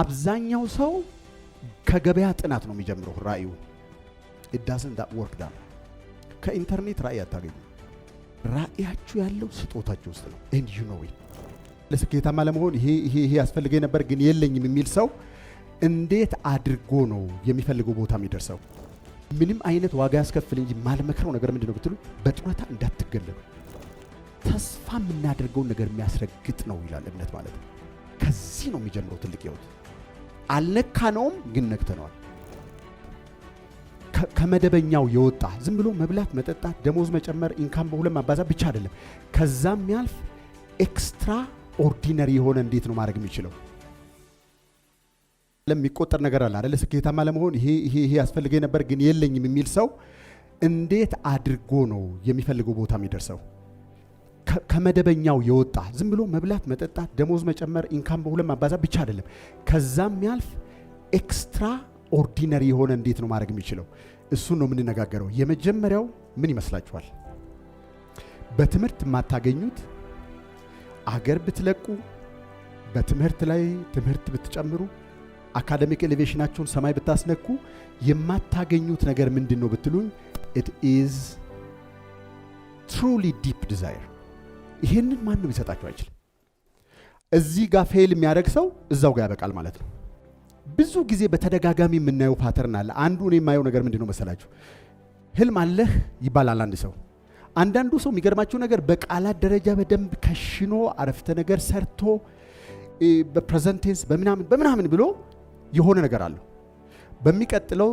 አብዛኛው ሰው ከገበያ ጥናት ነው የሚጀምረው ራእዩ ዳስን ወርክ ዳ ከኢንተርኔት ራእይ አታገኙ። ራእያችሁ ያለው ስጦታችሁ ውስጥ ነው። ኤንድ ዩ ኖ ለስኬታማ ለመሆን ይሄ ይሄ ይሄ ያስፈልገኝ ነበር ግን የለኝም የሚል ሰው እንዴት አድርጎ ነው የሚፈልገው ቦታ የሚደርሰው? ምንም አይነት ዋጋ ያስከፍል እንጂ ማልመክረው ነገር ምንድነው ብትሉ፣ በጡረታ እንዳትገለሉ ተስፋ የምናደርገውን ነገር የሚያስረግጥ ነው ይላል እምነት ማለት ነው። ከዚህ ነው የሚጀምረው ትልቅ ህይወት። አልነካነውም፣ ግን ነክተነዋል። ከመደበኛው የወጣ ዝም ብሎ መብላት፣ መጠጣት፣ ደሞዝ መጨመር፣ ኢንካም በሁለት ማባዛት ብቻ አይደለም። ከዛም የሚያልፍ ኤክስትራ ኦርዲነሪ የሆነ እንዴት ነው ማድረግ የሚችለው? ለሚቆጠር ነገር አለ አይደለ? ስኬታማ ለመሆን ይሄ ይሄ ያስፈልገኝ ነበር ግን የለኝም የሚል ሰው እንዴት አድርጎ ነው የሚፈልገው ቦታ የሚደርሰው? ከመደበኛው የወጣ ዝም ብሎ መብላት፣ መጠጣት፣ ደሞዝ መጨመር፣ ኢንካም በሁለት ማባዛት ብቻ አይደለም። ከዛም ያልፍ ኤክስትራ ኦርዲነሪ የሆነ እንዴት ነው ማድረግ የሚችለው? እሱን ነው የምንነጋገረው። የመጀመሪያው ምን ይመስላችኋል? በትምህርት የማታገኙት አገር ብትለቁ፣ በትምህርት ላይ ትምህርት ብትጨምሩ፣ አካደሚክ ኤሌቬሽናቸውን ሰማይ ብታስነኩ የማታገኙት ነገር ምንድን ነው ብትሉኝ፣ ኢት ኢዝ ትሩሊ ዲፕ ዲዛይር ይሄንን ማንም ይሰጣቸው አይችልም። እዚህ ጋር ፌል የሚያደርግ ሰው እዛው ጋር ያበቃል ማለት ነው። ብዙ ጊዜ በተደጋጋሚ የምናየው ፓተርን አለ። አንዱ እኔ የማየው ነገር ምንድነው ነው መሰላችሁ? ህልም አለህ ይባላል አንድ ሰው። አንዳንዱ ሰው የሚገርማችሁ ነገር በቃላት ደረጃ በደንብ ከሽኖ አረፍተ ነገር ሰርቶ በፕሬዘንቴንስ በምናምን በምናምን ብሎ የሆነ ነገር አለው። በሚቀጥለው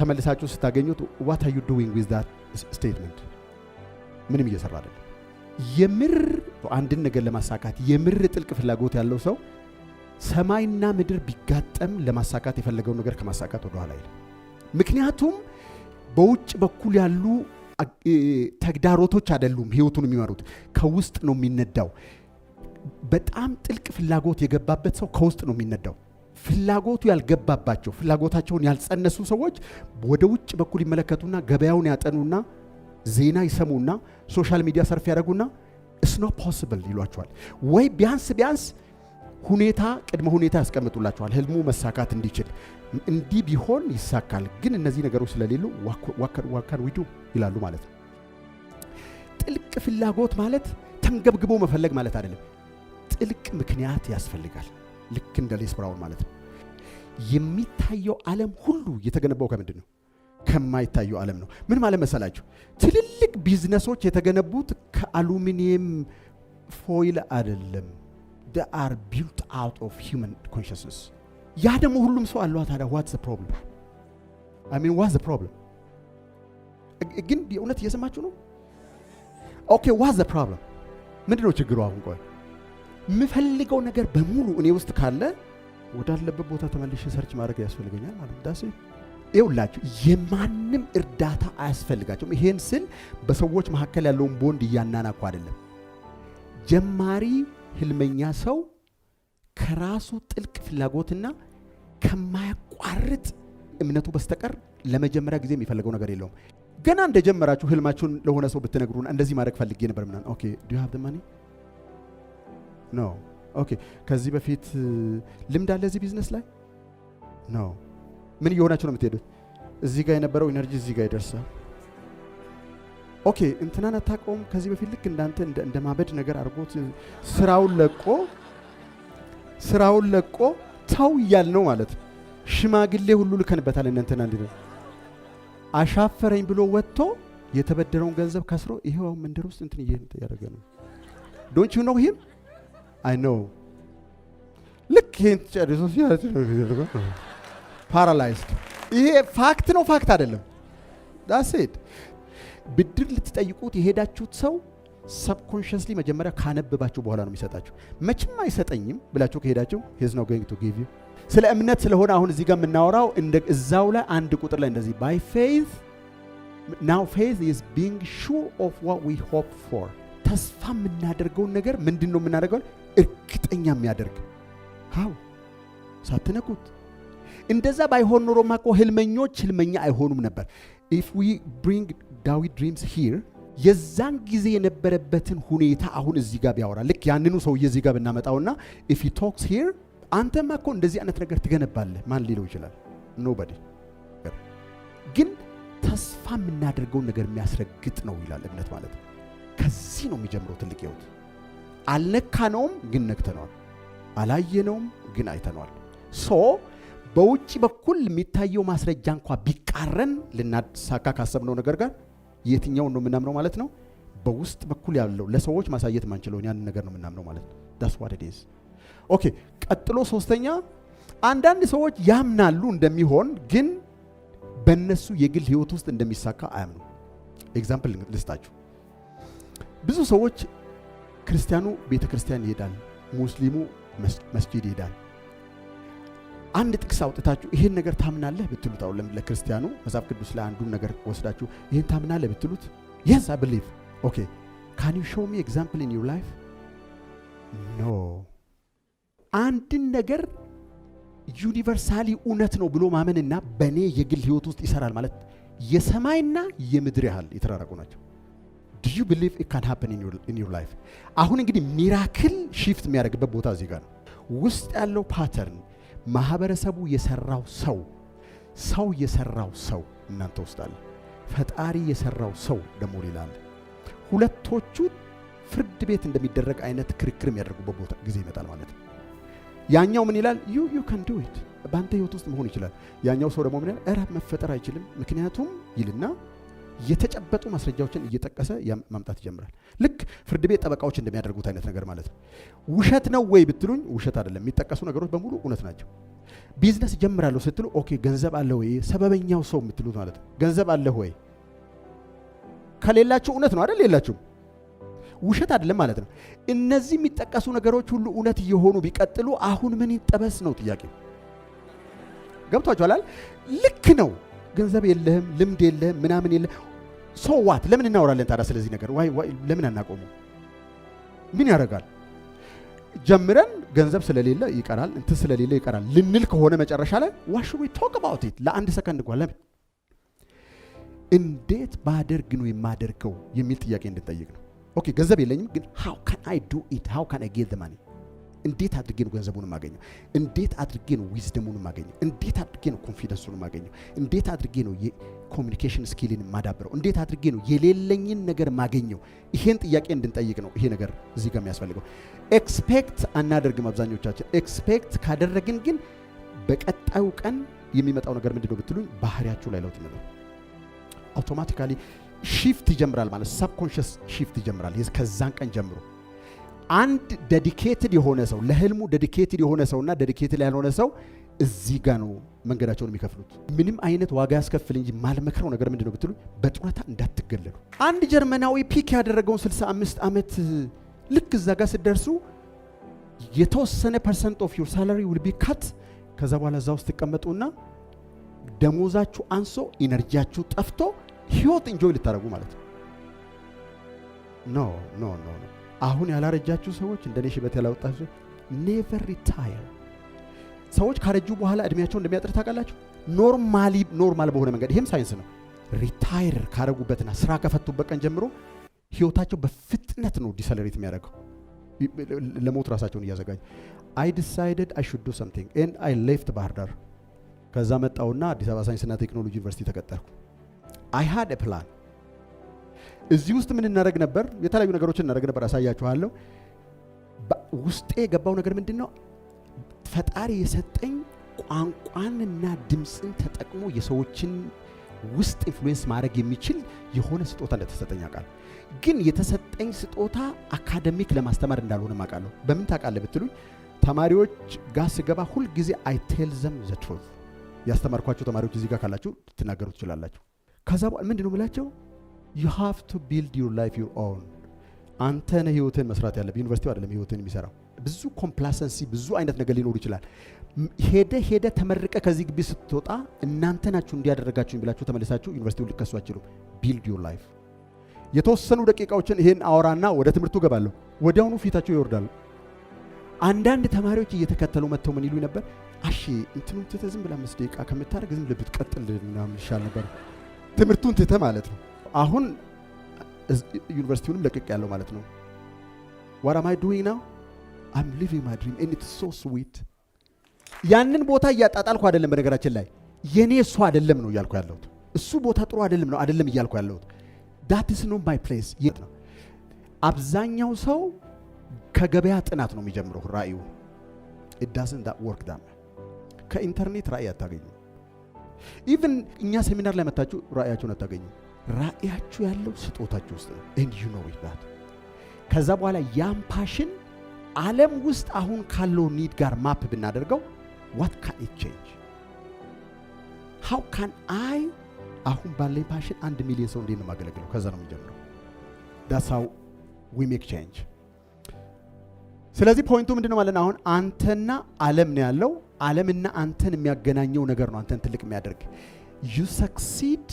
ተመልሳችሁ ስታገኙት ዋት አር ዩ ዱዊንግ ዊዝ ስቴትመንት ምንም እየሰራ አይደለም። የምር አንድን ነገር ለማሳካት የምር ጥልቅ ፍላጎት ያለው ሰው ሰማይና ምድር ቢጋጠም ለማሳካት የፈለገውን ነገር ከማሳካት ወደኋላ አይልም። ምክንያቱም በውጭ በኩል ያሉ ተግዳሮቶች አይደሉም ህይወቱን የሚመሩት፣ ከውስጥ ነው የሚነዳው። በጣም ጥልቅ ፍላጎት የገባበት ሰው ከውስጥ ነው የሚነዳው። ፍላጎቱ ያልገባባቸው ፍላጎታቸውን ያልጸነሱ ሰዎች ወደ ውጭ በኩል ይመለከቱና ገበያውን ያጠኑና ዜና ይሰሙና ሶሻል ሚዲያ ሰርፍ ያደርጉና ስ ኖ ፖስብል ይሏቸዋል። ወይ ቢያንስ ቢያንስ ሁኔታ ቅድመ ሁኔታ ያስቀምጡላቸዋል ህልሙ መሳካት እንዲችል እንዲህ ቢሆን ይሳካል። ግን እነዚህ ነገሮች ስለሌሉ ዋካን ዊዱ ይላሉ ማለት ነው። ጥልቅ ፍላጎት ማለት ተንገብግቦ መፈለግ ማለት አይደለም። ጥልቅ ምክንያት ያስፈልጋል። ልክ እንደ ሌስ ብራውን ማለት ነው። የሚታየው ዓለም ሁሉ የተገነባው ከምንድን ነው? ከማይታዩ ዓለም ነው። ምን ማለት መሰላችሁ? ትልልቅ ቢዝነሶች የተገነቡት ከአሉሚኒየም ፎይል አይደለም። አር ቢልት አውት ኦፍ ሂውመን ኮንሽስነስ። ያ ደግሞ ሁሉም ሰው አለዋ። ታዲያ ዋትስ ፕሮብለም አይ ሚን ዋትስ ፕሮብለም ግን የእውነት እየሰማችሁ ነው? ኦኬ ዋትስ ፕሮብለም ምንድን ነው ችግሩ? አሁን ቆይ የምፈልገው ነገር በሙሉ እኔ ውስጥ ካለ ወዳለበት ቦታ ተመልሼ ሰርች ማድረግ ያስፈልገኛል ማለት ዳሴ ይውላችሁ የማንም እርዳታ አያስፈልጋቸውም። ይሄን ስል በሰዎች መካከል ያለውን ቦንድ እያናናኩ አይደለም። ጀማሪ ህልመኛ ሰው ከራሱ ጥልቅ ፍላጎትና ከማያቋርጥ እምነቱ በስተቀር ለመጀመሪያ ጊዜ የሚፈልገው ነገር የለውም። ገና እንደጀመራችሁ ህልማችሁን ለሆነ ሰው ብትነግሩና እንደዚህ ማድረግ ፈልጌ ነበር ምናምን፣ ኦኬ ዱ ሃቭ ዘ ማኒ ኖ፣ ኦኬ ከዚህ በፊት ልምድ አለ እዚህ ቢዝነስ ላይ ኖ ምን እየሆናችሁ ነው የምትሄዱት? እዚህ ጋር የነበረው ኢነርጂ እዚህ ጋር ይደርሳል። ኦኬ እንትናን አታውቀውም። ከዚህ በፊት ልክ እንዳንተ እንደ ማበድ ነገር አድርጎት ስራውን ለቆ ስራውን ለቆ ተው እያል ነው ማለት ሽማግሌ ሁሉ ልከንበታል። እናንተና እንዲ አሻፈረኝ ብሎ ወጥቶ የተበደረውን ገንዘብ ከስሮ ይሄው መንደር ውስጥ እንትን እያደረገ ነው። ዶንች ዩ ኖ ሂም አይ ኖ ልክ ይሄን ጨርሶ ፓራላይዝድ። ይሄ ፋክት ነው፣ ፋክት አይደለም። ዳሴድ ብድር ልትጠይቁት የሄዳችሁት ሰው ሰብኮንሽስሊ መጀመሪያ ካነበባችሁ በኋላ ነው የሚሰጣችሁ። መቼም አይሰጠኝም ብላችሁ ከሄዳችሁ ሂዝ ኖት ጎይንግ ቱ ጊቭ ዩ። ስለ እምነት ስለሆነ አሁን እዚህ ጋር የምናወራው እዛው ላይ አንድ ቁጥር ላይ እንደዚህ ባይ ፌይዝ ናው ፌይዝ ኢዝ ቢንግ ሹር ኦፍ ዋት ዊ ሆፕ ፎር ተስፋ የምናደርገውን ነገር ምንድን ነው የምናደርገው እርግጠኛ የሚያደርግ ሀው ሳትነኩት እንደዛ ባይሆን ኖሮ እኮ ህልመኞች ህልመኛ አይሆኑም ነበር። ኢፍ ዊ ብሪንግ ዳዊት ድሪምስ ሂር የዛን ጊዜ የነበረበትን ሁኔታ አሁን እዚህ ጋር ቢያወራ ልክ ያንኑ ሰውዬ እዚህ ጋር ብናመጣውና ኢፍ ሂ ቶክስ ሂር አንተማ እኮ እንደዚህ አይነት ነገር ትገነባለህ ማን ሊለው ይችላል? ኖበዲ ግን ተስፋ የምናደርገውን ነገር የሚያስረግጥ ነው ይላል እምነት ማለት ነው። ከዚህ ነው የሚጀምረው ትልቅ ህይወት። አልነካነውም ግን ነክተነዋል። አላየነውም ግን አይተነዋል። ሶ በውጭ በኩል የሚታየው ማስረጃ እንኳ ቢቃረን ልናሳካ ካሰብነው ነገር ጋር የትኛውን ነው የምናምነው ማለት ነው? በውስጥ በኩል ያለው ለሰዎች ማሳየት ማንችለውን ያንን ነገር ነው የምናምነው ማለት ነው። ዳስ ዋት ኢት ኢዝ ኦኬ። ቀጥሎ ሶስተኛ፣ አንዳንድ ሰዎች ያምናሉ እንደሚሆን ግን በእነሱ የግል ህይወት ውስጥ እንደሚሳካ አያምኑ። ኤግዛምፕል ልስጣችሁ። ብዙ ሰዎች ክርስቲያኑ ቤተ ክርስቲያን ይሄዳል፣ ሙስሊሙ መስጂድ ይሄዳል አንድ ጥቅስ አውጥታችሁ ይህን ነገር ታምናለህ ብትሉት፣ አሁን ለክርስቲያኑ መጽሐፍ ቅዱስ ላይ አንዱን ነገር ወስዳችሁ ይህን ታምናለህ ብትሉት፣ የስ አይ ብሊቭ ኦኬ ካን ዩ ሾው ሚ ኤግዛምፕል ኢን ዩር ላይፍ ኖ አንድን ነገር ዩኒቨርሳሊ እውነት ነው ብሎ ማመንና በእኔ የግል ህይወት ውስጥ ይሰራል ማለት የሰማይና የምድር ያህል የተራረቁ ናቸው። ዱ ዩ ብሊቭ ኢት ካን ሃፕን ኢን ዩር ላይፍ። አሁን እንግዲህ ሚራክል ሺፍት የሚያደርግበት ቦታ እዚህ ጋር ነው። ውስጥ ያለው ፓተርን ማህበረሰቡ የሰራው ሰው ሰው የሰራው ሰው እናንተ ውስጥ አለ። ፈጣሪ የሰራው ሰው ደግሞ ሌላ አለ። ሁለቶቹ ፍርድ ቤት እንደሚደረግ አይነት ክርክር የሚያደርጉበት ቦታ ጊዜ ይመጣል ማለት ነው። ያኛው ምን ይላል? ዩ ዩ ካን ዱ ኢት በአንተ ህይወት ውስጥ መሆን ይችላል። ያኛው ሰው ደግሞ ምን ይላል? እረ መፈጠር አይችልም ምክንያቱም ይልና የተጨበጡ ማስረጃዎችን እየጠቀሰ ማምጣት ይጀምራል። ልክ ፍርድ ቤት ጠበቃዎች እንደሚያደርጉት አይነት ነገር ማለት ነው። ውሸት ነው ወይ ብትሉኝ፣ ውሸት አይደለም። የሚጠቀሱ ነገሮች በሙሉ እውነት ናቸው። ቢዝነስ ጀምራለሁ ስትሉ፣ ኦኬ ገንዘብ አለ ወይ ሰበበኛው ሰው የምትሉት ማለት ነው። ገንዘብ አለ ወይ ከሌላችሁ እውነት ነው አይደል? የላችሁም። ውሸት አይደለም ማለት ነው። እነዚህ የሚጠቀሱ ነገሮች ሁሉ እውነት እየሆኑ ቢቀጥሉ አሁን ምን ይጠበስ ነው ጥያቄ። ገብቷችኋል? ልክ ነው። ገንዘብ የለህም፣ ልምድ የለህም፣ ምናምን የለህ ሰዋት ለምን እናወራለን ታዲያ? ስለዚህ ነገር ለምን አናቆሙ? ምን ያደርጋል? ጀምረን ገንዘብ ስለሌለ ይቀራል፣ እንትን ስለሌለ ይቀራል ልንል ከሆነ መጨረሻ ላይ ዋሽ ዊ ቶክ አባውት ኢት ለአንድ ሰከንድ እንኳን ለምን እንዴት ባደርግ ነው የማደርገው የሚል ጥያቄ እንድንጠይቅ ነው። ኦኬ ገንዘብ የለኝም፣ ግን ሃው ካን አይ ዱ ኢት ሃው ካን አይ ጌት ማኒ እንዴት አድርጌ ነው ገንዘቡን የማገኘው? እንዴት አድርጌ ነው ዊዝደሙን የማገኘው? እንዴት አድርጌ ነው ኮንፊደንሱን የማገኘው? እንዴት አድርጌ ነው ኮሚኒኬሽን ስኪልን የማዳብረው እንዴት አድርጌ ነው የሌለኝን ነገር ማገኘው? ይሄን ጥያቄ እንድንጠይቅ ነው ይሄ ነገር እዚህ ጋር የሚያስፈልገው። ኤክስፔክት አናደርግም አብዛኞቻችን። ኤክስፔክት ካደረግን ግን በቀጣዩ ቀን የሚመጣው ነገር ምንድን ነው ብትሉኝ፣ ባህሪያችሁ ላይ ለውጥ ነው። አውቶማቲካሊ ሺፍት ይጀምራል ማለት ሰብኮንሽስ ሺፍት ይጀምራል ከዛን ቀን ጀምሮ አንድ ዴዲኬትድ የሆነ ሰው ለህልሙ ዴዲኬትድ የሆነ ሰውና ዴዲኬትድ ያልሆነ ሰው እዚህ ጋ ነው መንገዳቸውን የሚከፍሉት። ምንም አይነት ዋጋ ያስከፍል እንጂ ማልመክረው ነገር ምንድነው ብትሉ በጡረታ እንዳትገለሉ። አንድ ጀርመናዊ ፒክ ያደረገውን 65 ዓመት ልክ እዛ ጋር ስደርሱ የተወሰነ ፐርሰንት ኦፍ ዩር ሳላሪ ዊል ቢ ካት። ከዛ በኋላ እዛ ውስጥ ትቀመጡና ደሞዛችሁ አንሶ ኢነርጂያችሁ ጠፍቶ ህይወት እንጆይ ልታደረጉ ማለት ነው። ኖ ኖ ኖ አሁን ያላረጃችሁ ሰዎች እንደኔ ሽበት ያላወጣችሁ ኔቨር ሪታየር። ሰዎች ካረጁ በኋላ እድሜያቸውን እንደሚያጥር ታውቃላችሁ። ኖርማሊ ኖርማል በሆነ መንገድ ይህም ሳይንስ ነው። ሪታየር ካረጉበትና ስራ ከፈቱበት ቀን ጀምሮ ህይወታቸው በፍጥነት ነው ዲሰለሬት የሚያደርገው። ለሞት ራሳቸውን እያዘጋጀ አይ ዲሳይደድ አይ ሹድ ዱ ሰምቲንግ ኤንድ አይ ሌፍት ባህር ዳር። ከዛ መጣውና አዲስ አበባ ሳይንስና ቴክኖሎጂ ዩኒቨርሲቲ ተቀጠርኩ። አይ ሃድ ፕላን እዚህ ውስጥ ምን እናደረግ ነበር? የተለያዩ ነገሮችን እናደረግ ነበር። አሳያችኋለሁ። ውስጤ የገባው ነገር ምንድን ነው? ፈጣሪ የሰጠኝ ቋንቋንና ድምፅን ተጠቅሞ የሰዎችን ውስጥ ኢንፍሉዌንስ ማድረግ የሚችል የሆነ ስጦታ እንደተሰጠኝ አውቃለሁ። ግን የተሰጠኝ ስጦታ አካደሚክ ለማስተማር እንዳልሆነ አውቃለሁ። በምን ታውቃለህ ብትሉኝ ተማሪዎች ጋር ስገባ ሁልጊዜ አይ ቴል ዘም ዘ ትሩዝ ያስተማርኳቸው ተማሪዎች እዚህ ጋር ካላችሁ ትናገሩ ትችላላችሁ። ከዛ በኋላ ምንድን ነው የምላቸው ዩ ሃቭ ቱ ቢልድ ዩር ላይፍ ዩር ኦውን። አንተ ነህ ህይወትን መስራት ያለ ዩኒቨርሲቲው አይደለም ህይወትን የሚሰራው። ብዙ ኮምፕላሰንሲ፣ ብዙ አይነት ነገር ሊኖሩ ይችላል። ሄደ ሄደ ተመርቀ ከዚህ ግቢ ስትወጣ እናንተ ናችሁ እንዲያደረጋችሁኝ ብላችሁ ተመልሳችሁ ዩኒቨርሲቲው ልከሱ አይችሉም። ቢልድ ዩር ላይፍ። የተወሰኑ ደቂቃዎችን ይህን አወራና ወደ ትምህርቱ ገባለሁ። ወዲያውኑ ፊታቸው ይወርዳሉ። አንዳንድ ተማሪዎች እየተከተሉ መጥተው ምን ይሉ ነበር? አሺ እንትኑን ትተህ ዝም ብላ አምስት ደቂቃ ከምታደርግ ዝም ብለህ ብትቀጥል ምናምን ይሻል ነበር። ትምህርቱን ትተህ ማለት ነው አሁን ዩኒቨርሲቲውንም ለቅቅ ያለው ማለት ነው። ዋት አም አይ ዱዊንግ አም ሊቪንግ ማይ ድሪም ኤንድ ሶ ስዊት። ያንን ቦታ እያጣጣልኩ አይደለም፣ በነገራችን ላይ የኔ እሱ አይደለም ነው እያልኩ ያለሁት። እሱ ቦታ ጥሩ አይደለም ነው አይደለም እያልኩ ያለሁት። ዳት ኢዝ ኖት ማይ ነው። አብዛኛው ሰው ከገበያ ጥናት ነው የሚጀምረው ራእዩ። ኢት ወርክ ዳም። ከኢንተርኔት ራእይ አታገኙ። ኢቭን እኛ ሴሚናር ላይ መታችሁ ራእያችሁን አታገኙ። ራእያችሁ ያለው ስጦታችሁ ውስጥ ነው። ኤንድ ዩ ኖ ኢት። ከዛ በኋላ ያም ፓሽን ዓለም ውስጥ አሁን ካለው ኒድ ጋር ማፕ ብናደርገው ዋት ካን ኢት ቼንጅ ሃው ካን አይ አሁን ባለኝ ፓሽን አንድ ሚሊዮን ሰው እንዴት ነው የማገለግለው? ከዛ ነው የሚጀምረው። ዳስ ሃው ዊ ሜክ ቼንጅ። ስለዚህ ፖይንቱ ነው ማለት ነው? አሁን አንተና ዓለም ነው ያለው። ዓለምና አንተን የሚያገናኘው ነገር ነው አንተን ትልቅ የሚያደርግ ዩ ሰክሲድ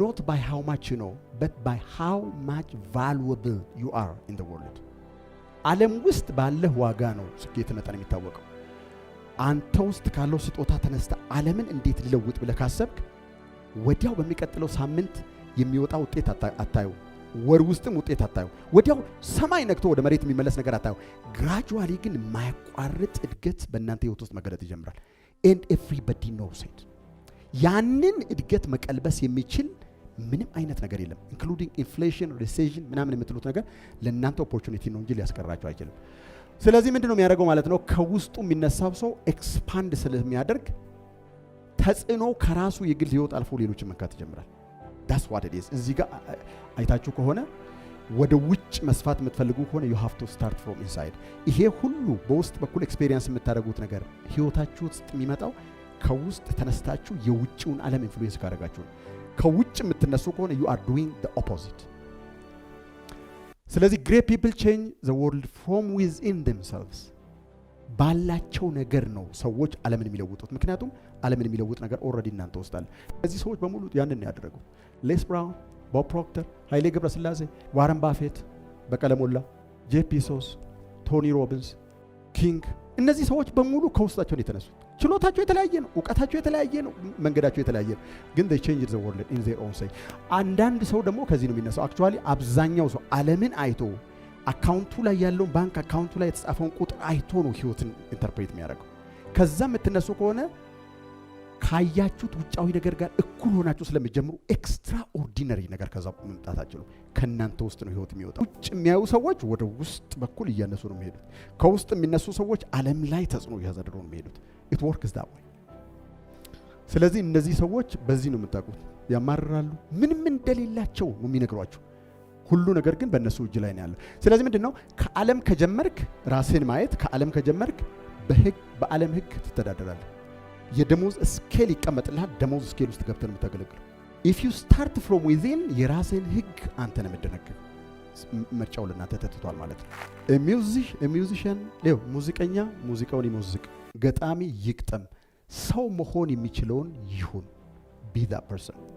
ኖት ባይ how much you know, but by how much valuable you are in the ዓለም ውስጥ ባለህ ዋጋ ነው ስኬት መጠን የሚታወቀው። አንተ ውስጥ ካለው ስጦታ ተነስተ ዓለምን እንዴት ልለውጥ ብለህ ካሰብክ ወዲያው በሚቀጥለው ሳምንት የሚወጣ ውጤት አታዩ፣ ወር ውስጥም ውጤት አታዩ። ወዲያው ሰማይ ነክቶ ወደ መሬት የሚመለስ ነገር አታዩ። ግራጁዋሊ ግን የማያቋርጥ እድገት በእናንተ ህይወት ውስጥ መገለጥ ይጀምራል። ኤንድ ኤቭሪበዲ ኖውስ ኢት ያንን እድገት መቀልበስ የሚችል ምንም አይነት ነገር የለም። ኢንክሉዲንግ ኢንፍሌሽን፣ ሪሴሽን ምናምን የምትሉት ነገር ለእናንተ ኦፖርቹኒቲ ነው እንጂ ሊያስቀራቸው አይችልም። ስለዚህ ምንድን ነው የሚያደርገው ማለት ነው? ከውስጡ የሚነሳው ሰው ኤክስፓንድ ስለሚያደርግ ተጽዕኖ ከራሱ የግል ህይወት አልፎ ሌሎችን መንካት ይጀምራል። ዳስ ዋት ኢት ኢዝ። እዚህ ጋር አይታችሁ ከሆነ ወደ ውጭ መስፋት የምትፈልጉ ከሆነ ዩ ሃቭ ቱ ስታርት ፍሮም ኢንሳይድ። ይሄ ሁሉ በውስጥ በኩል ኤክስፔሪየንስ የምታደርጉት ነገር ህይወታችሁ ውስጥ የሚመጣው ከውስጥ ተነስታችሁ የውጭውን ዓለም ኢንፍሉዌንስ ካደረጋችሁ ነው። ከውጭ የምትነሱ ከሆነ ዩ አር ዱዊንግ ዘ ኦፖዚት። ስለዚህ ግሬት ፒፕል ቼንጅ ዘ ወርልድ ፍሮም ዊዝኢን ደምሰልቭስ ባላቸው ነገር ነው ሰዎች ዓለምን የሚለውጡት። ምክንያቱም ዓለምን የሚለውጥ ነገር ኦልሬዲ እናንተ ውስጥ አለ። እነዚህ ሰዎች በሙሉ ያንን ነው ያደረጉት። ሌስ ብራውን፣ ቦብ ፕሮክተር፣ ኃይሌ ገብረስላሴ፣ ዋረን ባፌት፣ በቀለ ሞላ፣ ጄፒሶስ፣ ቶኒ ሮቢንስ፣ ኪንግ እነዚህ ሰዎች በሙሉ ከውስጣቸው ነው የተነሱት። ችሎታቸው የተለያየ ነው። እውቀታቸው የተለያየ ነው። መንገዳቸው የተለያየ ነው። ግን ቼንጅ ዘ ወርልድ ኢን ኦን ሳይ። አንዳንድ ሰው ደግሞ ከዚህ ነው የሚነሳው። አክቹዋሊ አብዛኛው ሰው ዓለምን አይቶ አካውንቱ ላይ ያለውን ባንክ አካውንቱ ላይ የተጻፈውን ቁጥር አይቶ ነው ህይወትን ኢንተርፕሬት የሚያደርገው። ከዛ የምትነሱ ከሆነ ካያችሁት ውጫዊ ነገር ጋር እኩል ሆናችሁ ስለምጀምሩ ኤክስትራ ኦርዲነሪ ነገር ከዛ መምጣት አችሉ። ከእናንተ ውስጥ ነው ህይወት የሚወጣው። ውጭ የሚያዩ ሰዎች ወደ ውስጥ በኩል እያነሱ ነው የሚሄዱት። ከውስጥ የሚነሱ ሰዎች ዓለም ላይ ተጽዕኖ እያዘደሩ ነው የሚሄዱት። ኢት ወርክስ ዳት ወይ። ስለዚህ እነዚህ ሰዎች በዚህ ነው የምታውቁት። ያማርራሉ፣ ምንም እንደሌላቸው ነው የሚነግሯቸው። ሁሉ ነገር ግን በእነሱ እጅ ላይ ነው ያለው። ስለዚህ ምንድን ነው ከዓለም ከጀመርክ ራስህን ማየት ከዓለም ከጀመርክ በህግ በዓለም ህግ ትተዳደራለህ። የደሞዝ ስኬል ይቀመጥልሃል። ደሞዝ ስኬል ውስጥ ገብተን የምታገለግለው ኢፍ ዩ ስታርት ፍሮም ዊዜን የራስህን ህግ አንተ ነው የምደነግር። ምርጫው ለእናንተ ተትቷል ማለት ነው። ሚውዚሽን ው ሙዚቀኛ ሙዚቃውን ይሞዝቅ፣ ገጣሚ ይግጠም፣ ሰው መሆን የሚችለውን ይሁን። ቢ ዛት ፐርሰን